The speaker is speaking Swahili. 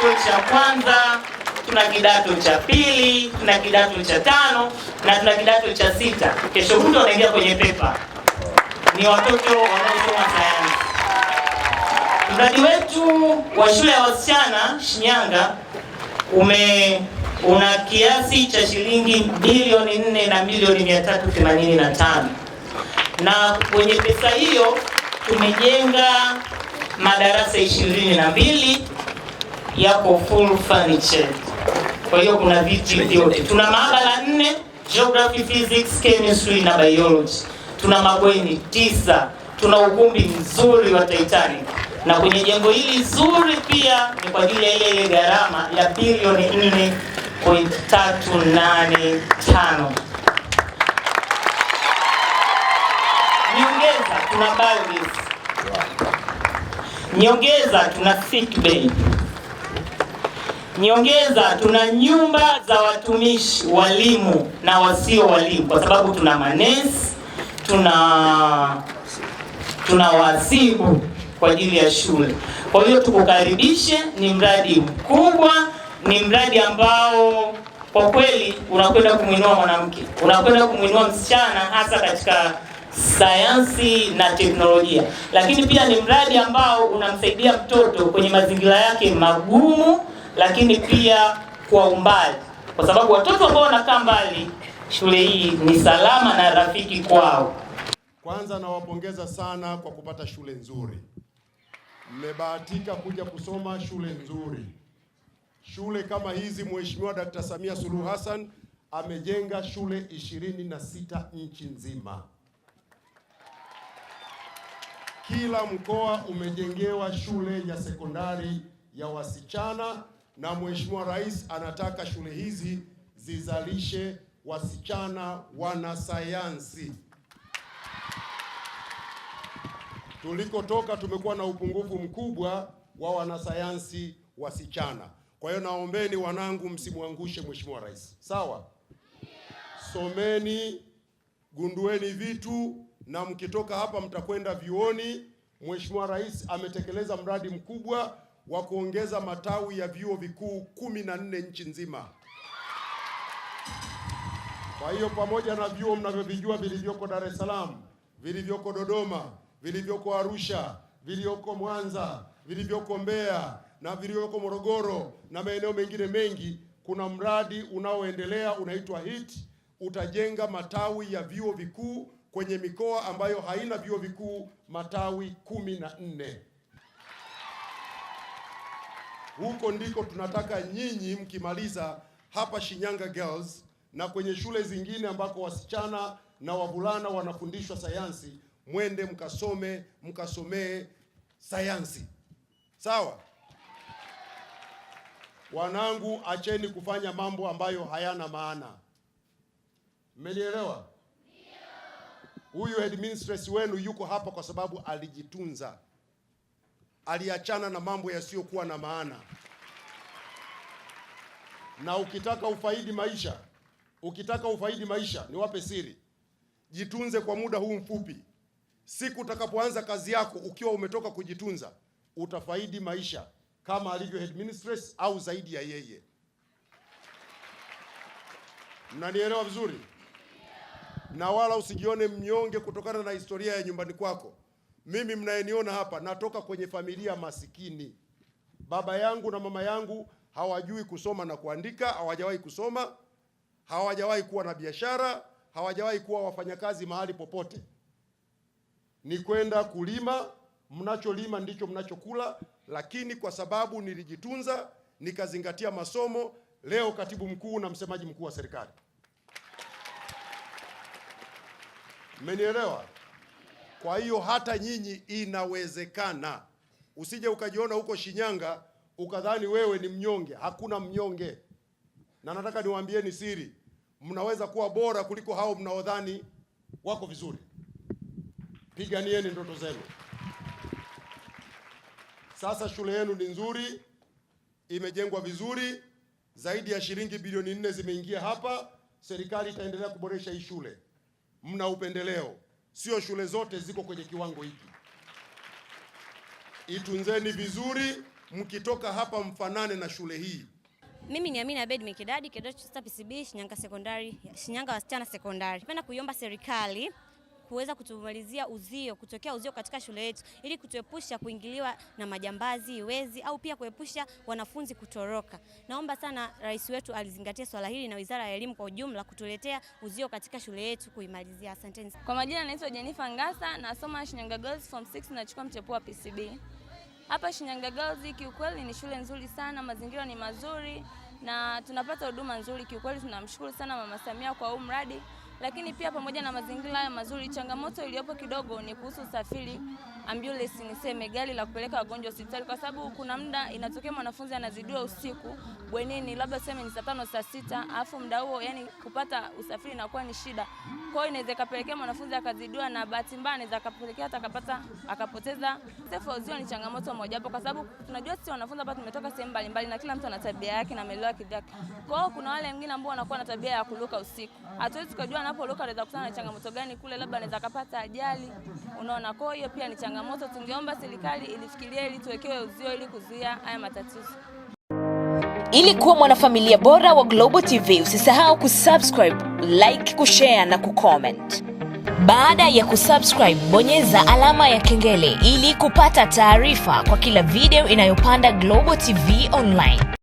kidato cha kwanza, tuna kidato cha pili, tuna kidato cha tano na tuna kidato cha sita. Kesho mtu wanaingia kwenye pepa, ni watoto wanaosoma sayansi. Mradi wetu wa shule ya wasichana Shinyanga ume una kiasi cha shilingi bilioni 4 na milioni 385 na kwenye pesa hiyo tumejenga madarasa ishirini na mbili yako full furniture. Kwa hiyo kuna viti vyote. Tuna maabara nne, geography, physics, chemistry na biology. Tuna mabweni tisa. Tuna ukumbi mzuri wa Titanic na kwenye jengo hili zuri pia ni kwa ajili ya ile ile gharama ya bilioni 4.385. Nyongeza tuna balconies. Nyongeza tuna sick bay. Nyongeza, tuna nyumba za watumishi walimu na wasio walimu, kwa sababu tuna manesi, tuna tuna wasibu kwa ajili ya shule. Kwa hiyo tukukaribishe, ni mradi mkubwa, ni mradi ambao kwa kweli unakwenda kumwinua mwanamke, unakwenda kumwinua msichana, hasa katika sayansi na teknolojia, lakini pia ni mradi ambao unamsaidia mtoto kwenye mazingira yake magumu lakini pia kwa umbali, kwa sababu watoto ambao wanakaa mbali, shule hii ni salama na rafiki kwao. Kwanza nawapongeza sana kwa kupata shule nzuri. Mmebahatika kuja kusoma shule nzuri. Shule kama hizi Mheshimiwa Dkt. Samia Suluhu Hassan amejenga shule ishirini na sita nchi nzima. Kila mkoa umejengewa shule ya sekondari ya wasichana na Mheshimiwa Rais anataka shule hizi zizalishe wasichana wanasayansi. Tulikotoka tumekuwa na upungufu mkubwa wa wanasayansi wasichana. Kwa hiyo naombeni wanangu, msimwangushe Mheshimiwa Rais, sawa? Someni, gundueni vitu, na mkitoka hapa mtakwenda vyuoni. Mheshimiwa Rais ametekeleza mradi mkubwa wa kuongeza matawi ya vyuo vikuu kumi na nne nchi nzima. Kwa hiyo pamoja na vyuo mnavyovijua vilivyoko Dar es Salaam, vilivyoko Dodoma, vilivyoko Arusha, vilivyoko Mwanza, vilivyoko Mbeya na vilivyoko Morogoro na maeneo mengine mengi, kuna mradi unaoendelea unaitwa HIT, utajenga matawi ya vyuo vikuu kwenye mikoa ambayo haina vyuo vikuu matawi kumi na nne. Huko ndiko tunataka nyinyi mkimaliza hapa Shinyanga Girls na kwenye shule zingine ambako wasichana na wavulana wanafundishwa sayansi, mwende mkasome, mkasomee sayansi. Sawa wanangu, acheni kufanya mambo ambayo hayana maana. Mmelielewa? Huyu headmistress wenu yuko hapa kwa sababu alijitunza aliachana na mambo yasiyokuwa na maana. Na ukitaka ufaidi maisha, ukitaka ufaidi maisha, niwape siri, jitunze kwa muda huu mfupi. Siku utakapoanza kazi yako ukiwa umetoka kujitunza, utafaidi maisha kama alivyo headmistress au zaidi ya yeye. Mnanielewa vizuri? Na wala usijione mnyonge kutokana na historia ya nyumbani kwako. Mimi mnayeniona hapa natoka kwenye familia masikini. Baba yangu na mama yangu hawajui kusoma na kuandika, hawajawahi kusoma, hawajawahi kuwa na biashara, hawajawahi kuwa wafanyakazi mahali popote. Ni kwenda kulima, mnacholima ndicho mnachokula, lakini kwa sababu nilijitunza, nikazingatia masomo, leo katibu mkuu na msemaji mkuu wa serikali. Mmenielewa? Kwa hiyo hata nyinyi inawezekana, usije ukajiona huko Shinyanga ukadhani wewe ni mnyonge. Hakuna mnyonge, na nataka niwaambieni siri, mnaweza kuwa bora kuliko hao mnaodhani wako vizuri. Piganieni ndoto zenu. Sasa shule yenu ni nzuri, imejengwa vizuri, zaidi ya shilingi bilioni nne zimeingia hapa. Serikali itaendelea kuboresha hii shule. Mna upendeleo. Sio shule zote ziko kwenye kiwango hiki. Itunzeni vizuri, mkitoka hapa mfanane na shule hii. Mimi ni Amina Abed Mikidadi, kidato cha PCB Shinyanga Sekondari, Shinyanga wasichana sekondari. Napenda kuiomba serikali kuweza kutuvalizia uzio, kutokea uzio katika shule yetu ili kutuepusha kuingiliwa na majambazi, wezi au pia kuepusha wanafunzi kutoroka. Naomba sana rais wetu alizingatia swala hili na Wizara ya Elimu kwa ujumla kutuletea uzio katika shule yetu kuimalizia. Asanteni. Kwa majina naitwa Jenifa Ngasa, nasoma Shinyanga Girls Form 6 nachukua mchepuo wa PCB. Hapa Shinyanga Girls kiukweli ni shule nzuri sana, mazingira ni mazuri na tunapata huduma nzuri kiukweli. Tunamshukuru sana Mama Samia kwa huu mradi. Lakini pia pamoja na mazingira haya mazuri, changamoto iliyopo kidogo ni kuhusu usafiri, ambulance niseme, gari la kupeleka wagonjwa hospitali, kwa sababu kuna muda inatokea mwanafunzi anazidiwa usiku bwenini, labda sema ni saa tano saa sita, alafu muda huo yani kupata usafiri inakuwa ni shida. Kwa hiyo inaweza kapelekea mwanafunzi akazidiwa, na bahati mbaya inaweza akapelekea hata akapata akapoteza. Sefozio ni changamoto moja hapo, kwa sababu tunajua sisi wanafunzi hapa tumetoka sehemu mbalimbali, na kila mtu ana tabia yake na melelewa kivyake. Kwa hiyo kuna wale wengine ambao wanakuwa na tabia ya kuluka usiku, hatuwezi tukajua anaporoka anaweza kukutana na changamoto gani kule, labda anaweza kapata ajali, unaona. Kwa hiyo pia ni changamoto, tungeomba serikali ilifikirie ili tuwekewe uzio ili kuzuia haya matatizo. Ili kuwa mwanafamilia bora wa Global TV, usisahau kusubscribe, like, kushare na kucomment. Baada ya kusubscribe, bonyeza alama ya kengele ili kupata taarifa kwa kila video inayopanda Global TV Online.